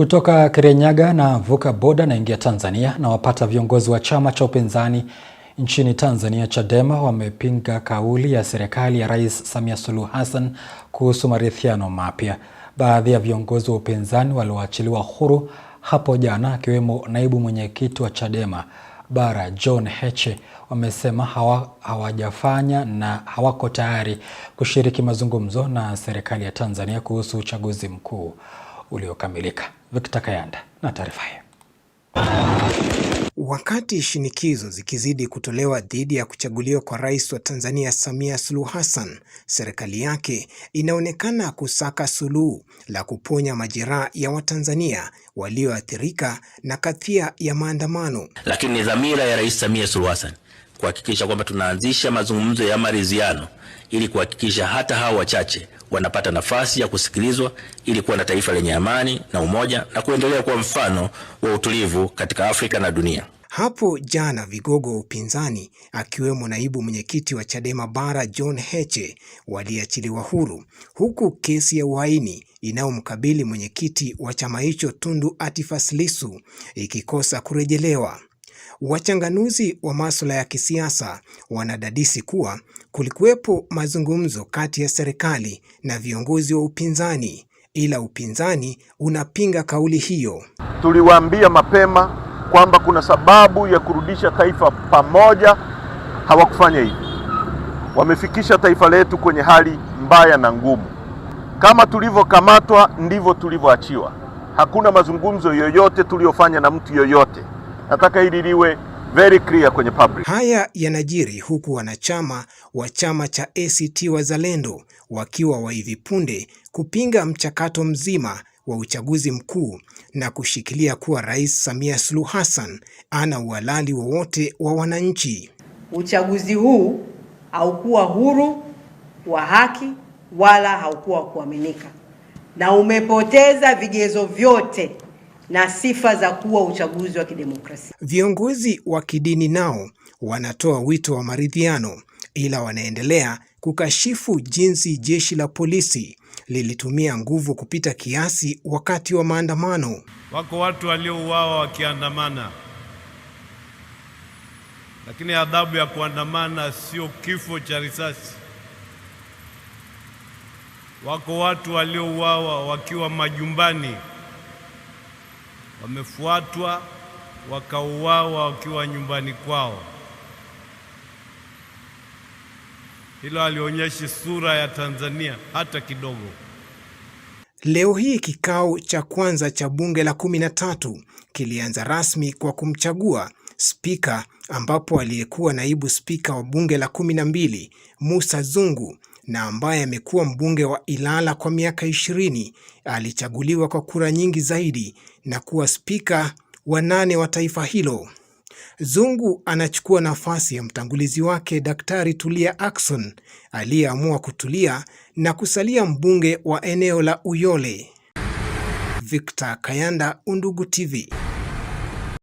Kutoka Kirinyaga na vuka boda naingia Tanzania na wapata viongozi wa chama cha upinzani nchini Tanzania Chadema wamepinga kauli ya serikali ya Rais Samia Suluhu Hassan kuhusu maridhiano mapya. Baadhi ya viongozi wa upinzani walioachiliwa huru hapo jana akiwemo naibu mwenyekiti wa Chadema Bara John Heche wamesema hawa, hawajafanya na hawako tayari kushiriki mazungumzo na serikali ya Tanzania kuhusu uchaguzi mkuu uliokamilika. Victor Kayanda na taarifa hii. Wakati shinikizo zikizidi kutolewa dhidi ya kuchaguliwa kwa rais wa Tanzania Samia Suluhu Hassan, serikali yake inaonekana kusaka suluhu la kuponya majeraha ya Watanzania walioathirika na kadhia ya maandamano. Lakini ni dhamira ya Rais Samia Suluhu Hassan kuhakikisha kwamba tunaanzisha mazungumzo ya maridhiano ili kuhakikisha hata hawa wachache wanapata nafasi ya kusikilizwa ili kuwa na taifa lenye amani na umoja na kuendelea kuwa mfano wa utulivu katika Afrika na dunia. Hapo jana vigogo wa upinzani akiwemo naibu mwenyekiti wa Chadema Bara John Heche waliachiliwa huru huku kesi ya uhaini inayomkabili mwenyekiti wa chama hicho Tundu atifaslisu Lissu ikikosa kurejelewa. Wachanganuzi wa masuala ya kisiasa wanadadisi kuwa kulikuwepo mazungumzo kati ya serikali na viongozi wa upinzani, ila upinzani unapinga kauli hiyo. Tuliwaambia mapema kwamba kuna sababu ya kurudisha taifa pamoja, hawakufanya hivi. Wamefikisha taifa letu kwenye hali mbaya na ngumu. Kama tulivyokamatwa ndivyo tulivyoachiwa. Hakuna mazungumzo yoyote tuliyofanya na mtu yoyote nataka hili liwe very clear kwenye public. Haya yanajiri huku wanachama wa chama cha ACT Wazalendo wakiwa wa hivi punde kupinga mchakato mzima wa uchaguzi mkuu na kushikilia kuwa Rais Samia Suluhu Hassan ana uhalali wowote wa, wa wananchi. Uchaguzi huu haukuwa huru wa haki wala haukuwa kuaminika na umepoteza vigezo vyote na sifa za kuwa uchaguzi wa kidemokrasia. Viongozi wa kidini nao wanatoa wito wa maridhiano, ila wanaendelea kukashifu jinsi jeshi la polisi lilitumia nguvu kupita kiasi wakati wa maandamano. Wako watu waliouawa wakiandamana, lakini adhabu ya kuandamana sio kifo cha risasi. Wako watu waliouawa wakiwa majumbani wamefuatwa wakauawa wakiwa nyumbani kwao. Hilo alionyeshi sura ya Tanzania hata kidogo. Leo hii kikao cha kwanza cha bunge la kumi na tatu kilianza rasmi kwa kumchagua spika, ambapo aliyekuwa naibu spika wa bunge la kumi na mbili Musa Zungu na ambaye amekuwa mbunge wa Ilala kwa miaka ishirini alichaguliwa kwa kura nyingi zaidi na kuwa spika wa nane wa taifa hilo. Zungu anachukua nafasi ya mtangulizi wake Daktari Tulia Ackson aliyeamua kutulia na kusalia mbunge wa eneo la Uyole. Victor Kayanda, Undugu TV.